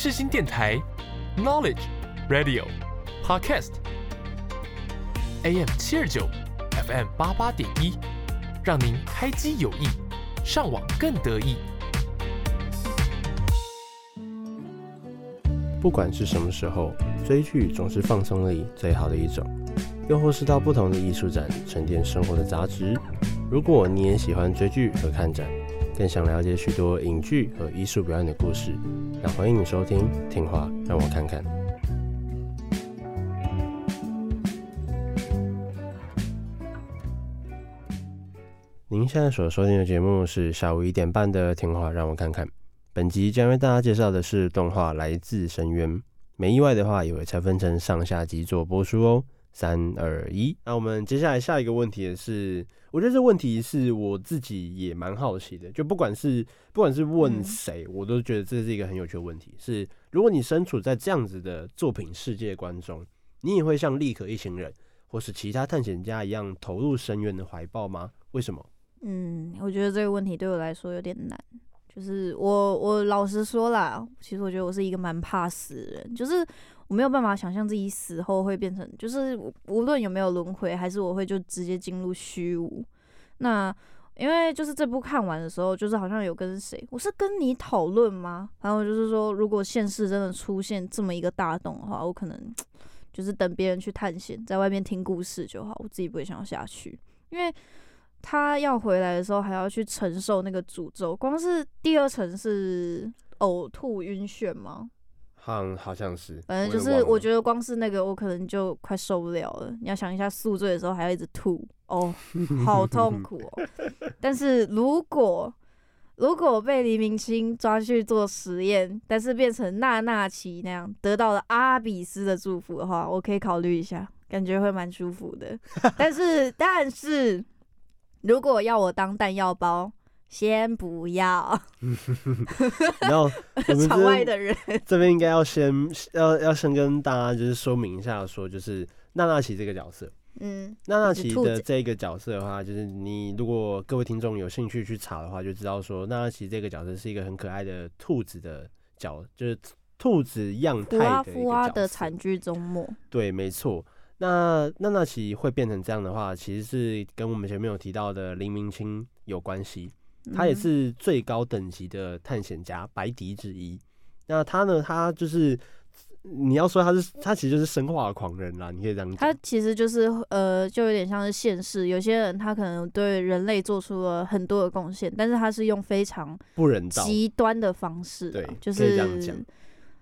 世新電臺，Knowledge Radio Podcast，AM 七二九，FM 八八點一，讓您開機有益，上網更得意。不管是什麼時候，追劇總是放鬆的最好的一種，又或是到不同的藝術展沉澱生活的雜質。如果你也喜歡追劇和看展，更想了解許多影劇和藝術表演的故事，那歡迎你收聽《聽話讓我看看。》 您現在所收聽的節目是下午一點半的《聽話讓我看看》。本集將為大家介紹的是動畫《來自深淵》，沒意外的話也會拆分成上下集做播出哦。三二一，那我們接下來下一個問題也是，我覺得這問題是我自己也蠻好奇的，就不管是不管是問誰，嗯，我都覺得這是一個很有趣的問題。是如果你身處在這樣子的作品世界觀中，你也會像莉可一行人或是其他探險家一樣投入深淵的懷抱嗎？為什麼？嗯，我覺得這個問題對我來說有點難。就是我，我老實說啦，其實我覺得我是一個蠻怕死的人。就是我沒有辦法想象自己死後會變成，就是無論有沒有輪迴，還是我會就直接進入虛無。那因為就是這部看完的時候，就是好像有跟誰，我是跟你討論嗎？然後就是說，如果現實真的出現這麼一個大洞的話，我可能就是等別人去探險，在外面聽故事就好，我自己不會想要下去，因為。他要回來的時候，還要去承受那個詛咒。光是第二層是嘔吐、暈眩嗎？很、嗯，好像是。反正就是，我覺得光是那個，我可能就快受不了了。了你要想一下，宿醉的時候還要一直吐，哦，好痛苦哦。 但是如果如果被黎明卿抓去做實驗，但是變成娜娜奇那樣，得到了阿比斯的祝福的話，我可以考慮一下，感覺會蠻舒服的。 但是，但是。如果要我當彈藥包，先不要。 然後場 外的人，這邊應該要先要要先跟大家就是說明一下，說就是娜娜奇這個角色，嗯，娜娜奇的這個角色的話，就是你如果各位聽眾有興趣去查的話，就知道說娜娜奇這個角色是一個很可愛的兔子的角，就是兔子樣態的一個角色。福啊福啊的慘劇終末。對，沒錯。那娜娜奇會變成這樣的話，其實是跟我們前面有提到的黎明卿有關係。他也是最高等級的探險家白笛之一。那他呢？他就是你要說他是，他其實就是生化的狂人啦。你可以這樣講。他其實就是呃，就有點像是現世有些人，他可能對人類做出了很多的貢獻，但是他是用非常不人道、極端的方式，對，就是。可以這樣講。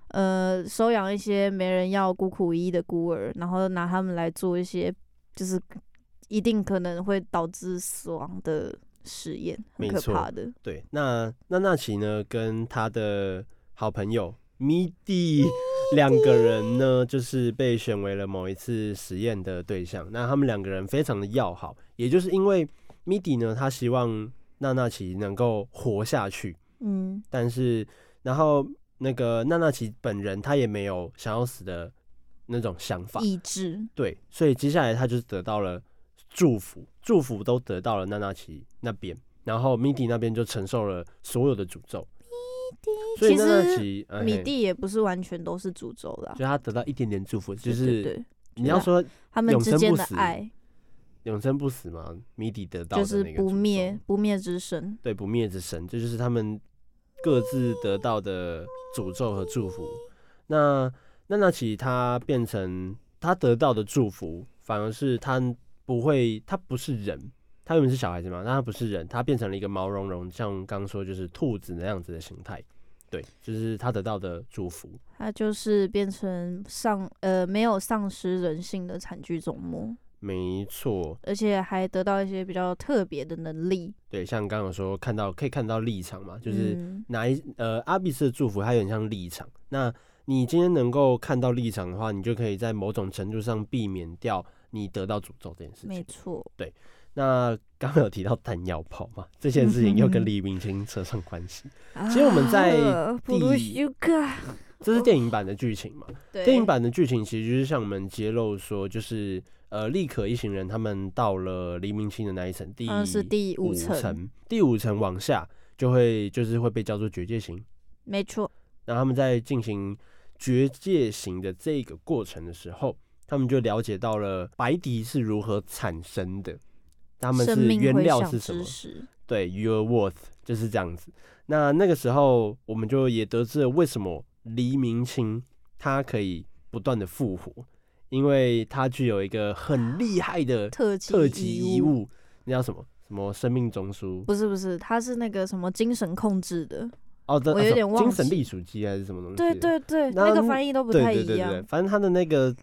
呃，收養一些沒人要、孤苦無依的孤兒，然後拿他們來做一些，就是一定可能會導致死亡的實驗，沒錯，很可怕的。對，那娜娜奇呢，跟他的好朋友米迪兩個人呢，就是被選為了某一次實驗的對象。那他們兩個人非常的要好，也就是因為米迪呢，他希望娜娜奇能夠活下去。嗯，但是然後。那個娜娜奇本人，他也沒有想要死的那種想法，意志對，所以接下來他就是得到了祝福，祝福都得到了娜娜奇那邊，然後米蒂那邊就承受了所有的詛咒。米蒂，所以娜娜奇米蒂也不是完全都是詛咒的，欸欸，就他得到一點點祝福，就是對對對，你要說永生不死他們之間的愛，永生不死嘛？米蒂得到就是不滅不滅之神，對，不滅之神，這就，就是他們。各自得到的詛咒和祝福。那娜娜奇他變成他得到的祝福，反而是他不會，他不是人，他們是小孩子嘛，那他不是人，他變成了一個毛茸茸，像剛說就是兔子那樣子的形態。對，就是他得到的祝福。他就是變成喪呃沒有喪失人性的慘劇總魔。沒錯，而且還得到一些比較特別的能力。對，像剛剛有說看到可以看到立場嘛，就是、嗯、哪一呃阿比斯的祝福，它有點像立場。那你今天能夠看到立場的話，你就可以在某種程度上避免掉你得到詛咒這件事情。沒錯，對。那剛剛有提到彈藥炮嘛，這些事情又跟黎明卿扯上關係。 其實我們在第一， 這是電影版的劇情嘛？ 對，電影版的劇情其實就是像我們揭露說，就是。呃，莉可一行人他們到了黎明卿的那一層，第、啊、是第五層，第五層往下就會就是會被叫做絕界行。沒錯。那他們在進行絕界行的這個過程的時候，他們就了解到了白笛是如何產生的，他們是原料是什麼，對，Your worth 就是這樣子。那那個時候，我們就也得知了為什麼黎明卿他可以不斷的復活。因為它具有一個很厲害的特級遺物，那叫什麼？什麼生命中樞？不是不是，它是那個什麼精神控制的？哦，對，我有點忘了。精神隸屬機還是什麼東西？對對對，那個翻譯都不太一樣對對對對對。反正它的那個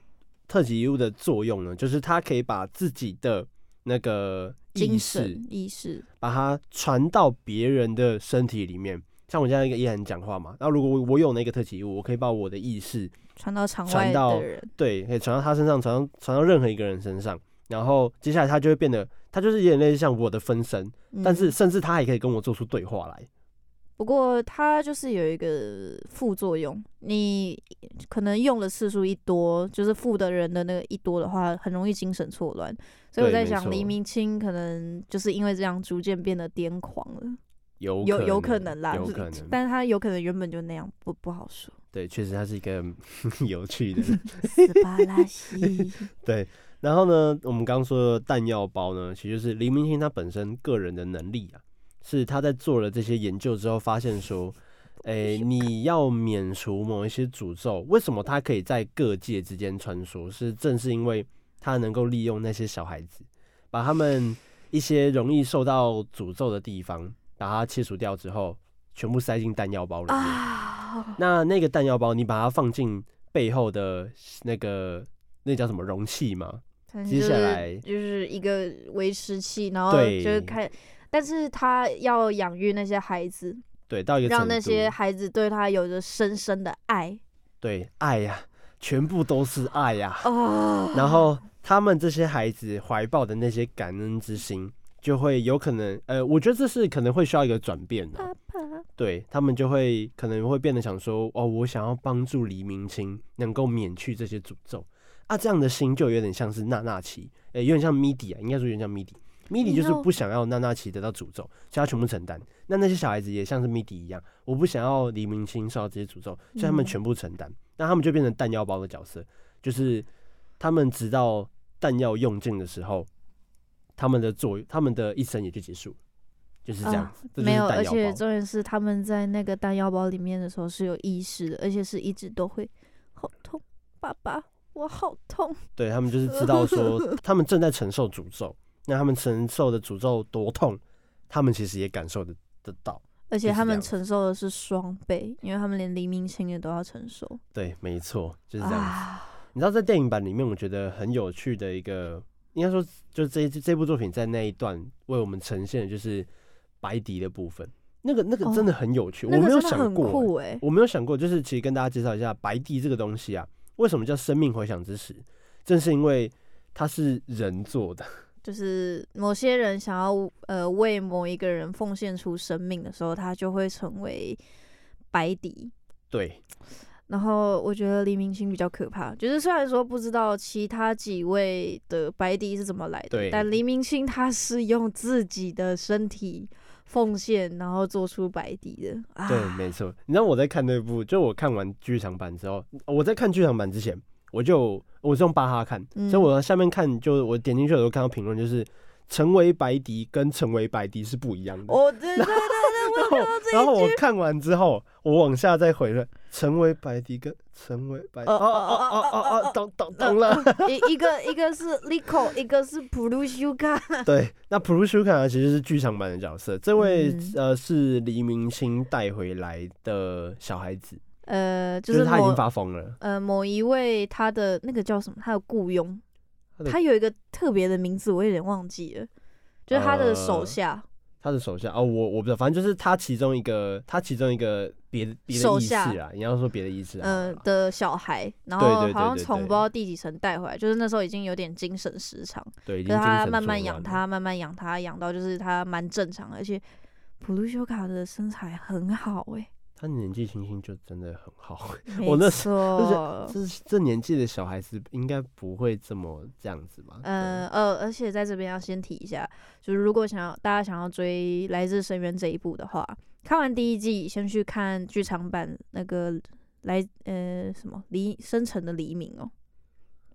特級遺物的作用呢，就是它可以把自己的那個意識，精神意識，把它傳到別人的身體裡面。像我現在跟伊涵講話嘛，那如果我我有那個特級遺物，我可以把我的意識。傳到場外的人，對，可以傳到他身上，傳到，傳到任何一個人身上，然後接下來他就會變得，他就是有點類似像我的分身，嗯，但是甚至他還可以跟我做出對話來。不過他就是有一個副作用，你可能用的次數一多，就是附的人的那個一多的話，很容易精神錯亂。所以我在想，黎明卿可能就是因為這樣逐漸變得癲狂了。有可有，有可能啦，有可能，是，但是他有可能原本就那樣，不不好說。對，確實他是一個呵呵有趣的斯巴 對，然後呢，我們剛說的彈藥包呢，其實就是黎明卿他本身個人的能力啊，是他在做了這些研究之後發現說，誒、欸，你要免除某一些詛咒，為什麼他可以在各界之間穿梭？是正是因為他能夠利用那些小孩子，把他們一些容易受到詛咒的地方。把它切除掉之後，全部塞進彈藥包裡面。Oh. 那那個彈藥包，你把它放進背後的那個，那叫什麼容器嗎、就是？接下來就是一個維持器，然後就是看。但是他要養育那些孩子，對，到一個讓那些孩子對他有着深深的愛。對，愛呀、啊，全部都是愛呀、啊。Oh. 然後他們這些孩子懷抱的那些感恩之心。就會有可能，呃，我覺得這是可能會需要一個轉變的、啊，對，他們就會可能會變得想說，哦，我想要幫助黎明卿能夠免去這些詛咒，啊，這樣的心就有點像是娜娜奇，有點像米迪啊，應該說有點像米迪，米迪就是不想要娜娜奇得到詛咒，所以他全部承擔。那那些小孩子也像是米迪一樣，我不想要黎明卿受到這些詛咒，所以他們全部承擔、嗯。那他們就變成彈藥包的角色，就是他們直到彈藥用盡的時候。他們的作用，他們的一生也就結束，就是這樣子。沒、啊、有，而且重點是他們在那個彈藥包裡面的時候是有意識的，而且是一直都會好痛，爸爸，我好痛。對他們就是知道說他們正在承受詛咒， 那他們承受的詛咒多痛，他們其實也感受得到。就是、而且他們承受的是雙倍，因為他們連黎明卿也都要承受。對，沒錯，就是這樣子、啊。你知道在電影版裡面，我覺得很有趣的一個。應該說，就這這部作品在那一段為我們呈現的就是白笛的部分，那個那個真的很有趣，我沒有想過，我沒有想過、欸，那個真的很酷欸、想過就是其實跟大家介紹一下白笛這個東西啊，為什麼叫生命回響之時，正是因為它是人做的，就是某些人想要呃為某一個人奉獻出生命的時候，他就會成為白笛對。然後我覺得黎明卿比較可怕，就是雖然說不知道其他幾位的白笛是怎麼來的對，但黎明卿他是用自己的身體奉獻，然後做出白笛的。對，沒錯。你知道我在看那部，就我看完劇場版之後，我在看劇場版之前，我就我是用巴哈看，所以我下面看就，就我點進去的時候看到評論，就是、嗯、成為白笛跟成為白笛是不一樣的。哦、oh, 對對對。 然後，然後我看完之後，我往下再回來。成為白笛哥，成為白笛，哦哦哦哦哦，懂懂懂了、啊啊啊 一。一一個一個是莉可，一個是普魯修卡 對，那普魯修卡其實是劇場版的角色。這位、嗯、呃是黎明卿帶回來的小孩子。呃，就是、就是、他已經發瘋了。呃，某一位他的那個叫什麼？他，他的雇傭，他有一個特別的名字，我有點忘記了，就是他的手下。呃他的手下哦，我我不知道，反正就是他其中一個，他其中一個別別的意思啊，你要說別的意思好不好，嗯、呃，的小孩，然後,對對對對對對然後好像從不知道第幾層帶回來，對對對對就是那時候已經有點精神失常，對，可他慢慢養他，慢慢養他，養到就是他蠻正常的，而且普魯修卡的身材很好誒、欸。那年紀輕輕就真的很好笑，沒錯，這這年紀的小孩子應該不會這麼這樣子吧？嗯嗯、呃呃，而且在這邊要先提一下，就是如果想要大家想要追《來自深淵》這一部的話，看完第一季先去看劇場版那個來呃什麼《黎深沉的黎明》哦，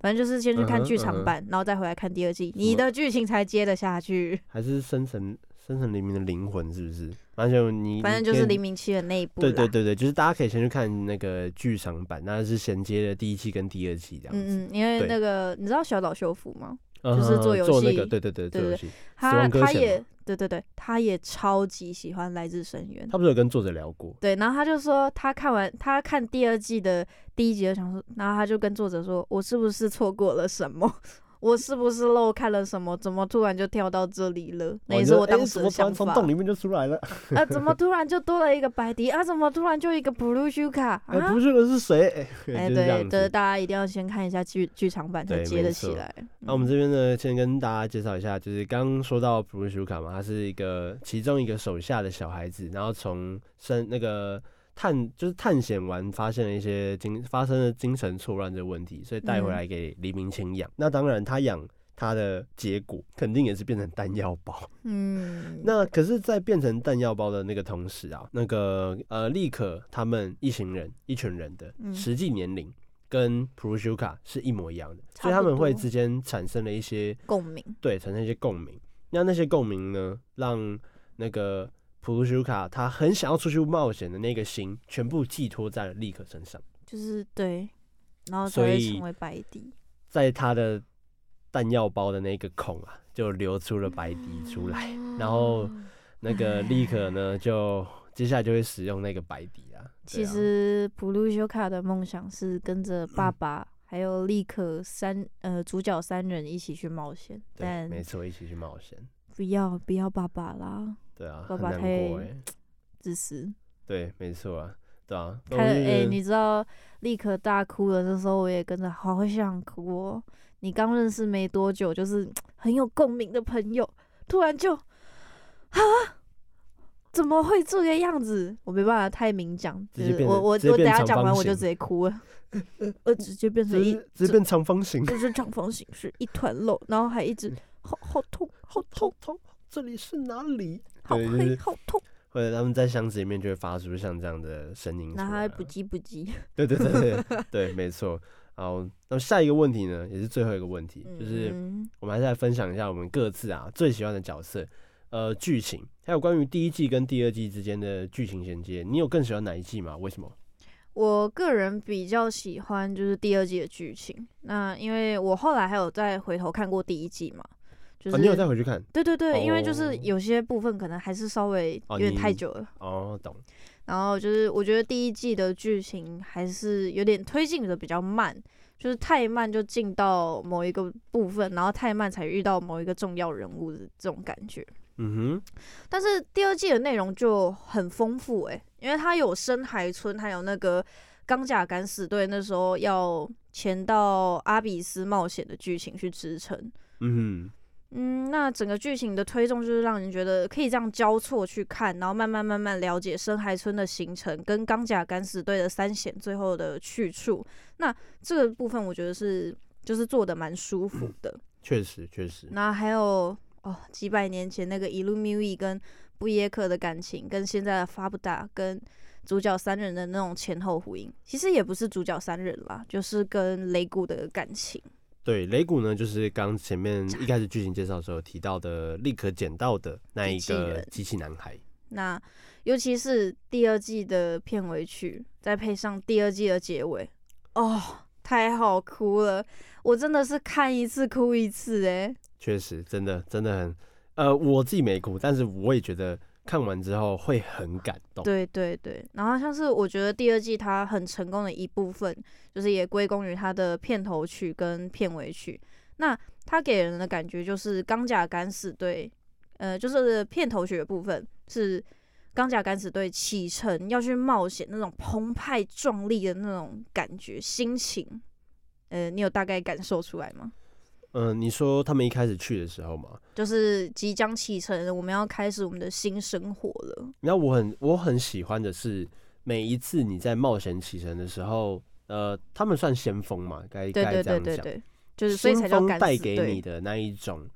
反正就是先去看劇場版、嗯，然後再回來看第二季，嗯嗯、你的劇情才接得下去，嗯、還是深沉。生成黎明的靈魂是不是？反、啊、正你反正就是黎明期的那一部。對對對對，就是大家可以先去看那個劇場版，那是銜接的第一期跟第二期這樣，嗯嗯，因為那個你知道小島秀夫嗎、嗯？就是做遊戲、那個，對對對對他他也對對對他他他他，他也超級喜歡《來自深淵》。他不是有跟作者聊過？對，然後他就說他看完他看第二季的第一集就想說，然後他就跟作者說，我是不是錯過了什麼？我是不是漏看了什麼？怎麼突然就跳到這裡了？那也是我當時的想法。洞裡面就出來了。啊，怎麼突然就多了一個白笛？啊，怎麼突然就一個普魯修卡？哎、啊，普魯修卡是誰？哎、欸就是欸，對，就是大家一定要先看一下劇劇場版，才接得起來。那我們這邊呢，先跟大家介紹一下，就是剛說到普魯修卡嘛，他是一個其中一個手下的小孩子，然後從生那個。探就是探險完發現了一些精發生了精神錯亂的問題，所以帶回來給黎明卿養、嗯。那當然，他養他的結果肯定也是變成彈藥包。嗯。那可是，在變成彈藥包的那個同時啊，那個呃，莉可他們一行人、一群人的實際年齡跟普魯修卡是一模一樣的，所以他們會之間產生了一些共鳴。對，產生一些共鳴。那那些共鳴呢，讓那個。普魯修卡他很想要出去冒險的那個心，全部寄託在了莉可身上，就是對，然後所以成為白笛，在他的彈藥包的那個孔啊，就流出了白笛出來，哦、然後那個莉可呢，哎、就接下來就會使用那個白笛啊。其實、啊、普魯修卡的夢想是跟着爸爸、嗯、還有莉可三呃主角三人一起去冒險，對，但沒錯，一起去冒險。不要不要爸爸啦！對啊，爸爸太自私。對，沒錯啊，對啊。他哎、嗯欸嗯，你知道立刻大哭了那時候，我也跟着好想哭、哦。你剛認識沒多久，就是很有共鳴的朋友，突然就啊，怎麼會這個樣子？我沒辦法太明講、就是，我我我等下講完我就直接哭了，嗯、我直接變成一直變長方形，就是長方形，是一團肉，然後還一直。嗯好好痛，好痛好痛！這裡是哪裡？好黑，好痛。就是、或者他們在箱子裡面就會發出像這樣的聲音來。那還不急不急？對對對對 對，沒錯。好，那麼下一個問題呢，也是最後一個問題，就是我們還是來分享一下我們各自啊最喜歡的角色、呃劇情，還有關於第一季跟第二季之間的劇情銜接。你有更喜歡哪一季嗎？為什麼？我個人比較喜歡就是第二季的劇情，那因為我後來還有再回頭看過第一季嘛。就是你有再回去看，對對對，對，因為就是有些部分可能還是稍微有點太久了哦，懂。然後就是我覺得第一季的劇情還是有點推進的比較慢，就是太慢就進到某一個部分，然後太慢才遇到某一個重要人物的這種感覺。嗯哼，但是第二季的內容就很豐富哎、欸，因為它有深海村，還有那個鋼甲敢死隊那時候要潛到阿比斯冒險的劇情去支撐、嗯。嗯哼。嗯，那整個劇情的推動，就是讓人覺得可以這樣交錯去看，然後慢慢慢慢了解深海村的形成，跟鋼甲敢死隊的三險最後的去處。那這個部分我覺得是就是做的蠻舒服的，確實確實。那還有哦，幾百年前那個伊露謬伊跟布耶克的感情，跟現在的法布達跟主角三人的那種前後呼應，其實也不是主角三人啦，就是跟雷古的感情。對，雷古呢，就是剛前面一開始劇情介紹的時候提到的莉可撿到的那一個機器男孩。那尤其是第二季的片尾曲，再配上第二季的結尾，哦，太好哭了！我真的是看一次哭一次哎。確實，真的，真的很，呃，我自己沒哭，但是我也覺得。看完之後會很感動，啊，對對對。然後像是我覺得第二季它很成功的一部分，就是也歸功於它的片頭曲跟片尾曲。那它給人的感覺就是《鋼甲敢死隊》，呃，就是片頭曲的部分是《鋼甲敢死隊》啟程要去冒險那種澎湃壯麗的那種感覺心情。呃，你有大概感受出來嗎？嗯，你說他們一開始去的時候嘛，就是即將啟程，我們要開始我們的新生活了。那我很我很喜歡的是，每一次你在冒險啟程的時候，呃，他們算先鋒嘛，該，該對對對對對，這樣講對對對，就是所以才叫敢死隊，先鋒帶給你的那一種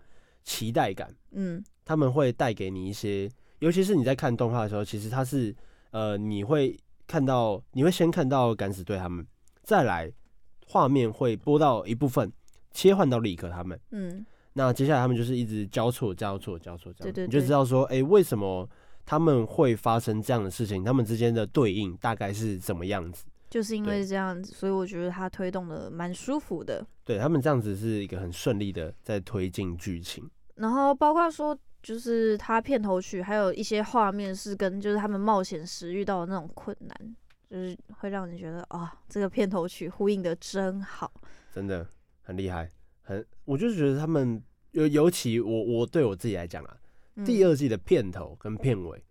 期待感。嗯，他們會帶給你一些，尤其是你在看動畫的時候，其實它是呃，你會看到，你會先看到敢死隊他們，再來畫面會播到一部分。切換到莉可、他們，嗯，那接下來他們就是一直交錯交錯交錯交錯。對對對，你就知道說，哎、欸，為什麼他們會發生這樣的事情？他們之間的對應大概是怎麼樣子？就是因為這樣子，所以我覺得他推動的蠻舒服的。對，他們這樣子是一個很順利的在推進劇情，然後包括說，就是他片頭曲還有一些畫面是跟就是他們冒險時遇到的那種困難，就是會讓你覺得，哦，這個片頭曲呼應的真好，真的。很厲害，很，我就覺得他們尤尤其我我對我自己來講啊、嗯，第二季的片頭跟片尾，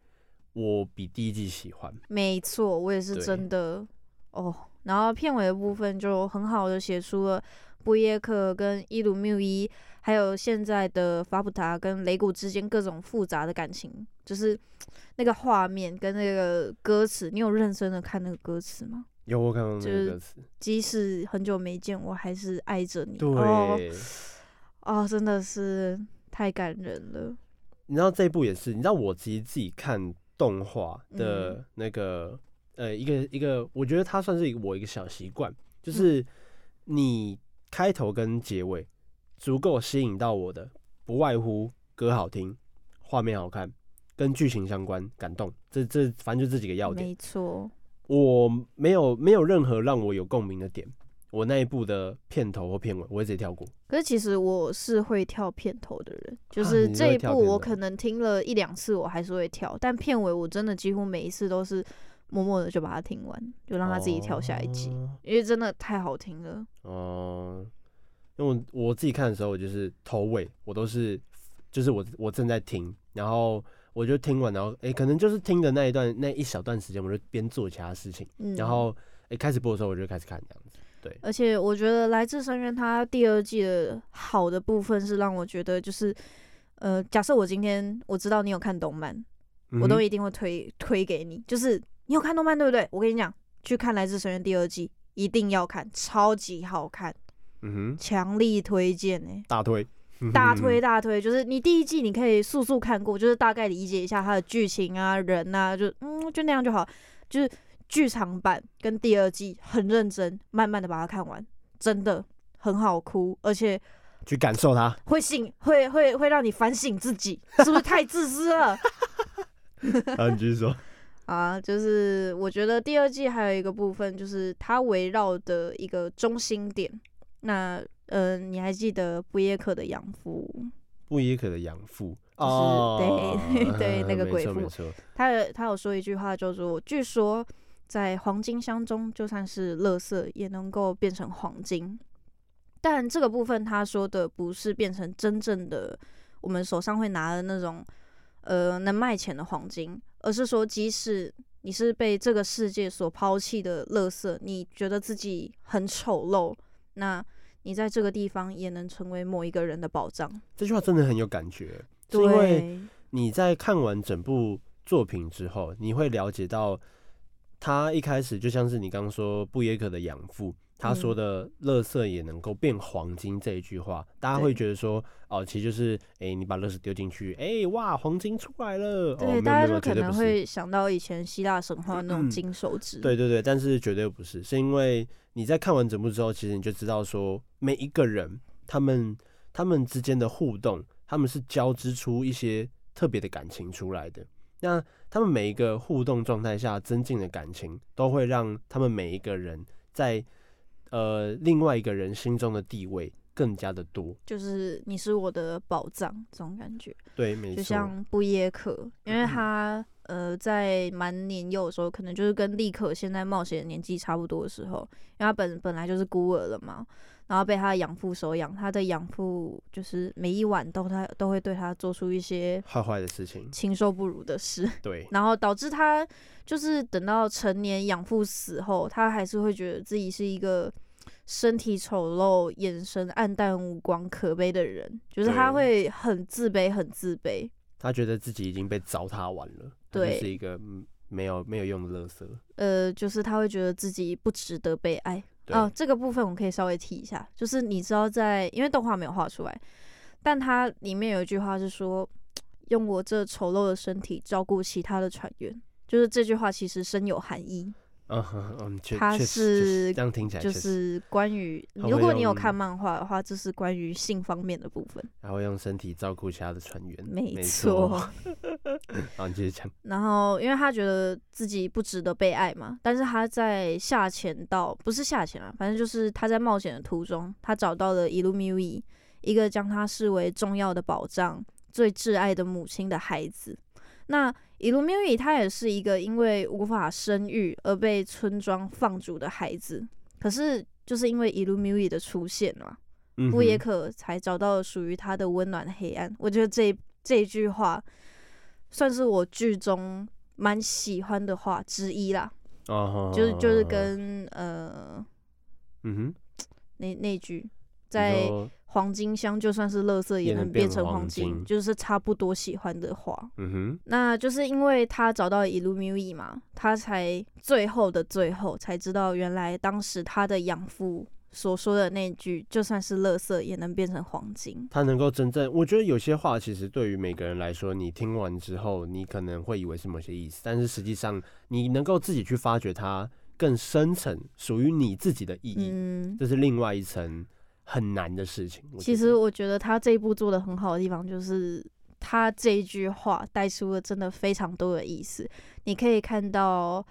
我比第一季喜歡。沒錯，我也是真的哦。Oh, 然後片尾的部分就很好的寫出了布耶克跟伊魯繆伊，還有現在的法普塔跟雷古之間各種複雜的感情，就是那個畫面跟那個歌詞，你有認真的看那個歌詞嗎？有我看到那個歌詞，即使很久沒見，我還是愛着你。對，啊，oh, oh，真的是太感人了。你知道這一部也是，你知道我其實自己看動畫的那個、嗯，呃，一個一個，我覺得它算是我一個小習慣，就是你開頭跟結尾足夠吸引到我的，不外乎歌好聽、畫面好看、跟劇情相關、感動，這這反正就這幾個要點，沒錯。我沒有沒有任何讓我有共鳴的點，我那一部的片頭或片尾，我會自己跳過。可是其實我是會跳片頭的人，就是這一部我可能聽了一兩次，我還是會跳，啊，你都會跳片頭。但片尾我真的幾乎每一次都是默默的就把它聽完，就讓它自己跳下一集，哦，因為真的太好聽了。哦、呃，因為我，我自己看的時候，我就是頭尾我都是，就是我我正在聽，然後。我就聽完，然後誒、欸，可能就是聽的那一段那一小段時間，我就邊做其他事情，嗯、然後誒、欸、開始播的時候，我就開始看這樣子。對，而且我覺得《來自深淵》它第二季的好的部分是讓我覺得，就是呃，假設我今天我知道你有看動漫，嗯、我都一定會推推給你，就是你有看動漫對不對？我跟你講，去看《來自深淵》第二季一定要看，超級好看，嗯哼，強力推薦誒、欸，大推。大推大推，就是你第一季你可以速速看過，就是大概理解一下它的劇情啊，人吶、啊，就嗯，就那樣就好。就是劇場版跟第二季很認真，慢慢的把它看完，真的很好哭，而且去感受它，會醒，會會會讓你反省自己，是不是太自私了？你繼續說啊，就是我覺得第二季還有一個部分，就是它圍繞的一個中心點，那。嗯、呃，你還記得布耶克的養父？布耶克的養父，就是、哦、對對，對，呵呵，對那個鬼父。呵呵，他有他有說一句話，叫做：“據說在黃金箱中，就算是垃圾也能夠變成黃金。”但這個部分他說的不是變成真正的我們手上會拿的那種呃能賣錢的黃金，而是說，即使你是被這個世界所拋棄的垃圾，你覺得自己很醜陋，那。你在這個地方也能成為某一個人的寶藏。這句話真的很有感覺，是因為你在看完整部作品之後，你會了解到。他一開始就像是你剛剛說布耶克的養父、嗯，他說的“垃圾也能夠變黃金”這一句話、嗯，大家會覺得說哦，其實就是哎、欸，你把垃圾丟進去，哎、欸，哇，黃金出來了。對，哦、大家可能會想到以前希臘神話那種金手指、嗯。對對對，但是絕對不是，是因為你在看完整部之後，其實你就知道說每一個人他們他們之間的互動，他們是交織出一些特別的感情出來的。那他們每一個互動狀態下增進的感情，都會讓他們每一個人在呃另外一個人心中的地位更加的多，就是你是我的寶藏這種感覺。對，沒錯，就像布耶克，因為他呃在蠻年幼的時候， 可能就是跟莉可現在冒險的年紀差不多的時候，因為他本本來就是孤兒了嘛。然後被他的養父收養，他的養父就是每一晚都他都會對他做出一些壞壞的事情，禽獸不如的事。對，然後導致他就是等到成年，養父死後，他還是會覺得自己是一個身體醜陋、眼神暗淡無光、可悲的人，就是他會很自卑，很自卑。他覺得自己已經被糟蹋完了，對，是一個沒有沒有用的垃圾。呃，就是他會覺得自己不值得被愛。哦，這個部分我可以稍微提一下，就是你知道在，因為動畫沒有畫出來，但它裡面有一句話是說，用我這醜陋的身體照顧其他的船員，就是這句話其實深有含義。哦嗯、他是就是關於，如果你有看漫畫的話，這是關於性方面的部分。然後用身體照顧其他的船員，沒錯。沒 然後因為他覺得自己不值得被愛嘛，但是他在下潛到，不是下潛啊，反正就是他在冒險的途中，他找到了伊露米烏伊，一個將他視為重要的寶藏，最摯愛的母親的孩子。那伊露米伊她也是一個因為無法生育而被村莊放逐的孩子，可是就是因為伊露米伊的出現嘛，布、嗯、耶可才找到了屬於他的溫暖黑暗。我覺得這這一句話算是我劇中蠻喜歡的話之一啦。啊、好好好，就是就是跟呃，嗯哼，那那句。在黃金鄉，就算是垃圾也能變成黃金，就是差不多喜歡的話，嗯哼，那就是因為他找到 Illumi 嘛，他才最後的最後才知道，原來當時他的養父所說的那句，就算是垃圾也能變成黃金。他能夠真正，我覺得有些話，其實對於每個人來說，你聽完之後，你可能會以為是某些意思，但是實際上，你能夠自己去發掘它更深層屬於你自己的意義，這是另外一層。很難的事情。其實我覺得他這一部做的很好的地方，就是他這一句話帶出了真的非常多的意思。你可以看到，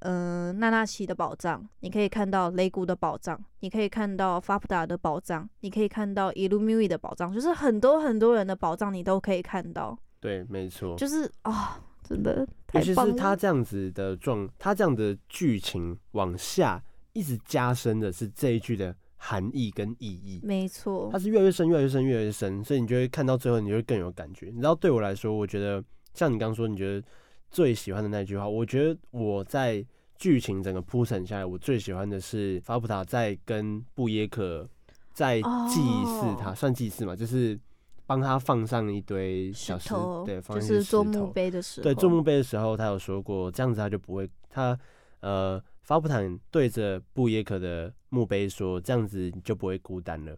嗯、呃，娜娜奇的寶藏，你可以看到雷古的寶藏，你可以看到法普達的寶藏，你可以看到伊露米的寶藏，就是很多很多人的寶藏，你都可以看到。對，沒錯。就是啊、哦，真的太棒了。尤其是他這樣子的狀，他這樣的劇情往下一直加深的是這一句的，含義跟意義，沒錯，它是越來越深，越來越深，越來越深，所以你就會看到最後，你就會更有感覺。你知道，對我來說，我覺得像你剛剛說，你覺得最喜歡的那句話，我覺得我在劇情整個鋪陳下來，我最喜歡的是法普塔在跟布耶克在祭祀他、哦，算祭祀嘛，就是幫他放上一堆小石頭，對，就是做墓碑的時候，對，做墓碑的時候，他有說過這樣子，他就不會，他呃。法布坦對着布耶克的墓碑說：“這樣子你就不會孤單了，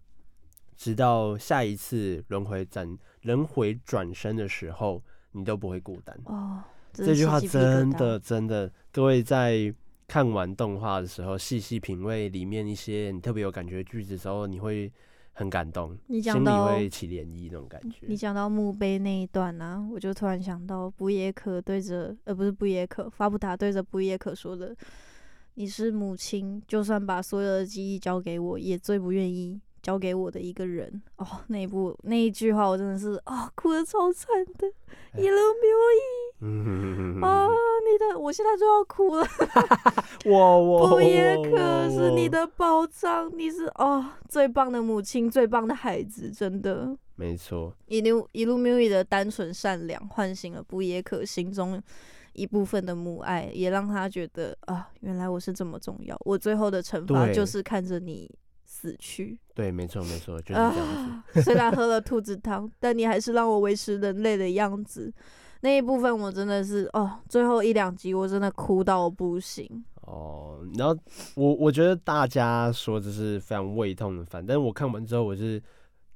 直到下一次輪回轉輪回轉身的時候，你都不會孤單。哦”哦，這句話真的真的，各位在看完動畫的時候，細細品味裡面一些你特別有感覺的句子的時候，你會很感動，心裡會起漣漪那種感覺。你講到墓碑那一段呢、啊，我就突然想到布耶克對着，呃，不是布耶克，法布塔對着布耶克說的。你是母親，就算把所有的記憶交給我，也最不願意交給我的一個人哦。那一部那一句話，我真的是哦，哭得超慘的。Ellumi， 啊、 嗯哦，你的，我現在就要哭了。我我不耶可是你的寶藏，wow, wow, wow 你是哦最棒的母親，最棒的孩子，真的。沒錯，Ellumi Ellumi 的單純善良喚醒了不耶可心中。一部分的母愛，也讓他覺得啊，原來我是這麼重要。我最後的懲罰就是看着你死去。對，沒錯，沒錯，就是這樣子、呃。雖然喝了兔子湯， 但你還是讓我維持人類的樣子。那一部分我真的是哦、啊，最後一兩集我真的哭到不行。哦，然後我我覺得大家說這是非常胃痛的番，但是我看完之後我是。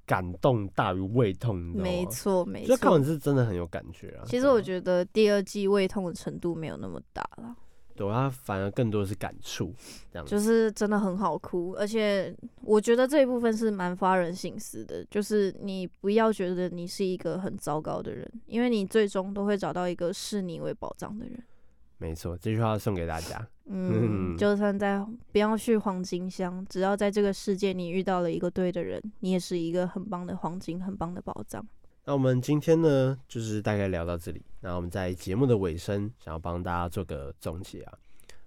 感動大於胃痛，沒錯，沒錯。這可能是真的很有感覺啊。其實我覺得第二季胃痛的程度沒有那麼大啦。嗯、對，它反而更多的是感觸，就是真的很好哭，而且我覺得這一部分是蠻發人深思的，就是你不要覺得你是一個很糟糕的人，因為你最終都會找到一個視你為寶藏的人。沒錯，這句話送給大家。嗯， 就算在不要去黃金鄉，只要在這個世界，你遇到了一個對的人，你也是一個很棒的黃金，很棒的寶藏。那我們今天呢，就是大概聊到這裡。那我們在節目的尾聲，想要幫大家做個總結啊。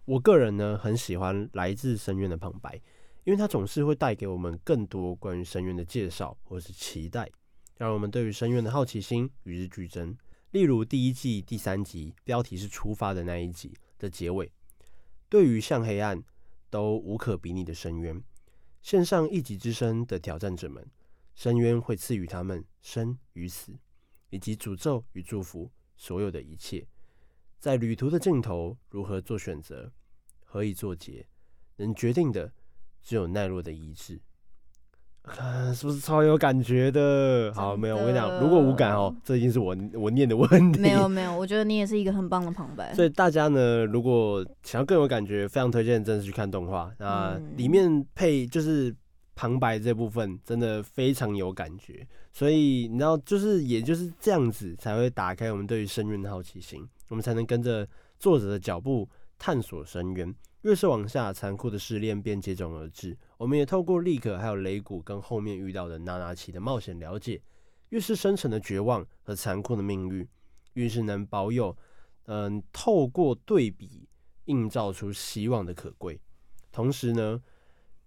我個人呢，很喜歡來自深淵的旁白，因為它總是會帶給我們更多關於深淵的介紹或是期待，讓我們對於深淵的好奇心與日俱增。例如第一季第三集標題是“出發”的那一集的結尾，對於向黑暗都無可比擬的深淵，獻上一己之身的挑戰者們，深淵會賜予他們生與死，以及詛咒與祝福，所有的一切，在旅途的盡頭，如何做選擇，何以作結，能決定的只有奈落的意志。 是不是超有感覺的？的好，沒有，我跟你講，如果無感哦、喔，這已經是我我念的問題。沒有沒有，我覺得你也是一個很棒的旁白。所以大家呢，如果想要更有感覺，非常推薦真的是去看動畫啊，那裡面配就是旁白這部分真的非常有感覺。所以你知道，就是也就是這樣子才會打開我們對於深淵的好奇心，我們才能跟着作者的腳步探索深淵。越是往下，殘酷的試煉便接踵而至。我們也透過莉可還有雷古跟後面遇到的娜娜奇的冒險，了解越是深沉的絕望和殘酷的命運，越是能保有，嗯、呃，透過對比映照出希望的可貴。同時呢，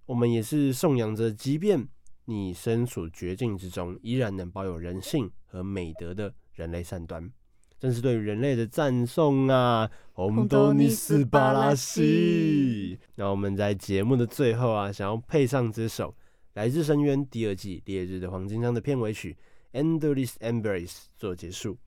我們也是頌揚着，即便你身處絕境之中，依然能保有人性和美德的人類善端。真是對於人類的讚頌啊，孔多你死巴拉西。那我們在節目的最後啊，想要配上這首《來自深淵》第二季《烈日的黃金章》的片尾曲《Endless Embrace》做結束。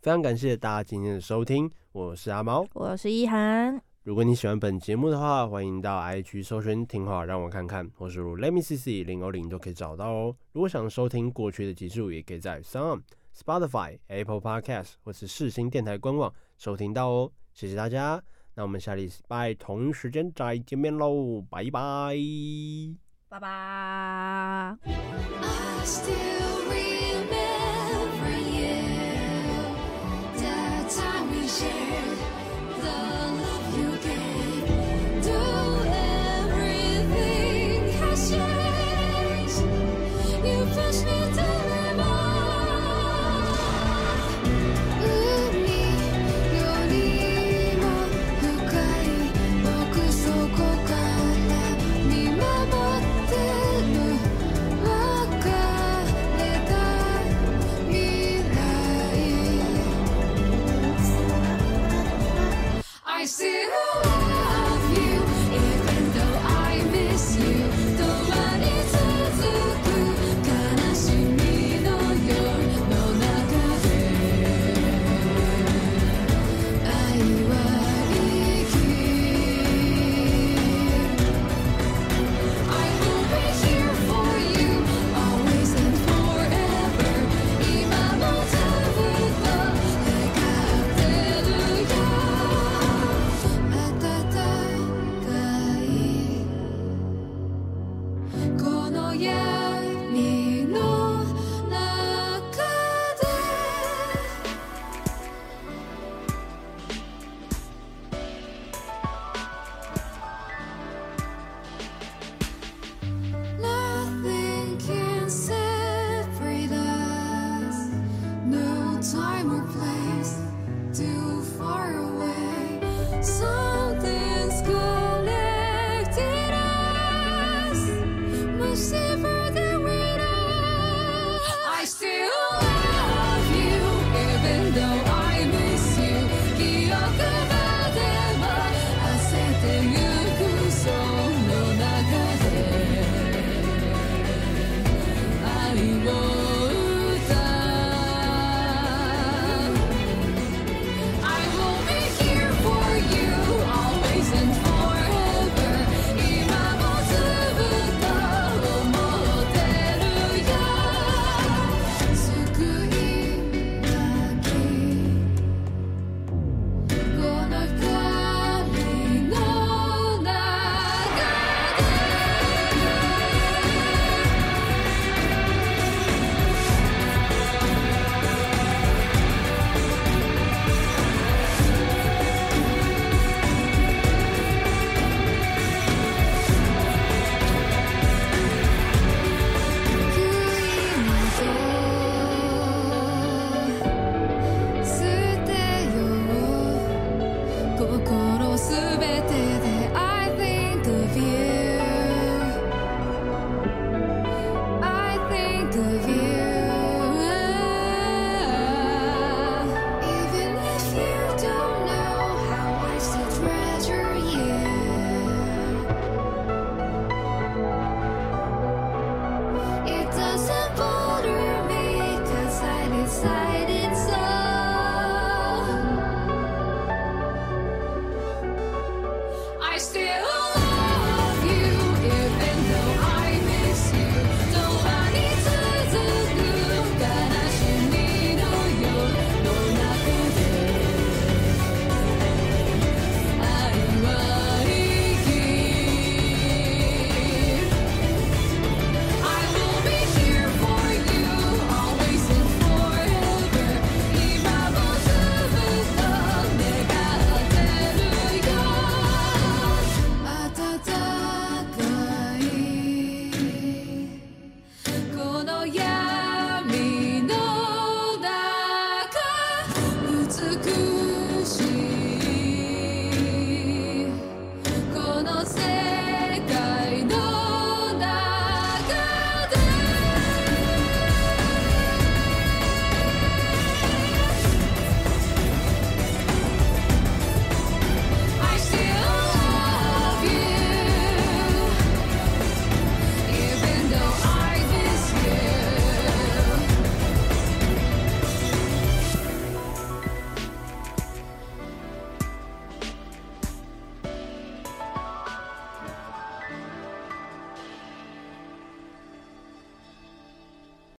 非常感謝大家今天的收聽，我是阿毛，我是一涵。如果你喜歡本節目的話，歡迎到 IG 搜尋“聽話”，讓我看看，或是入 Let Me See See 零二零都可以找到哦。如果想收聽過去的集數，也可以在 s o Spotify、Apple Podcast 或是世新電台官網收聽到哦。謝謝大家，那我們下禮拜同時間再見面嘍，拜拜，拜拜。I still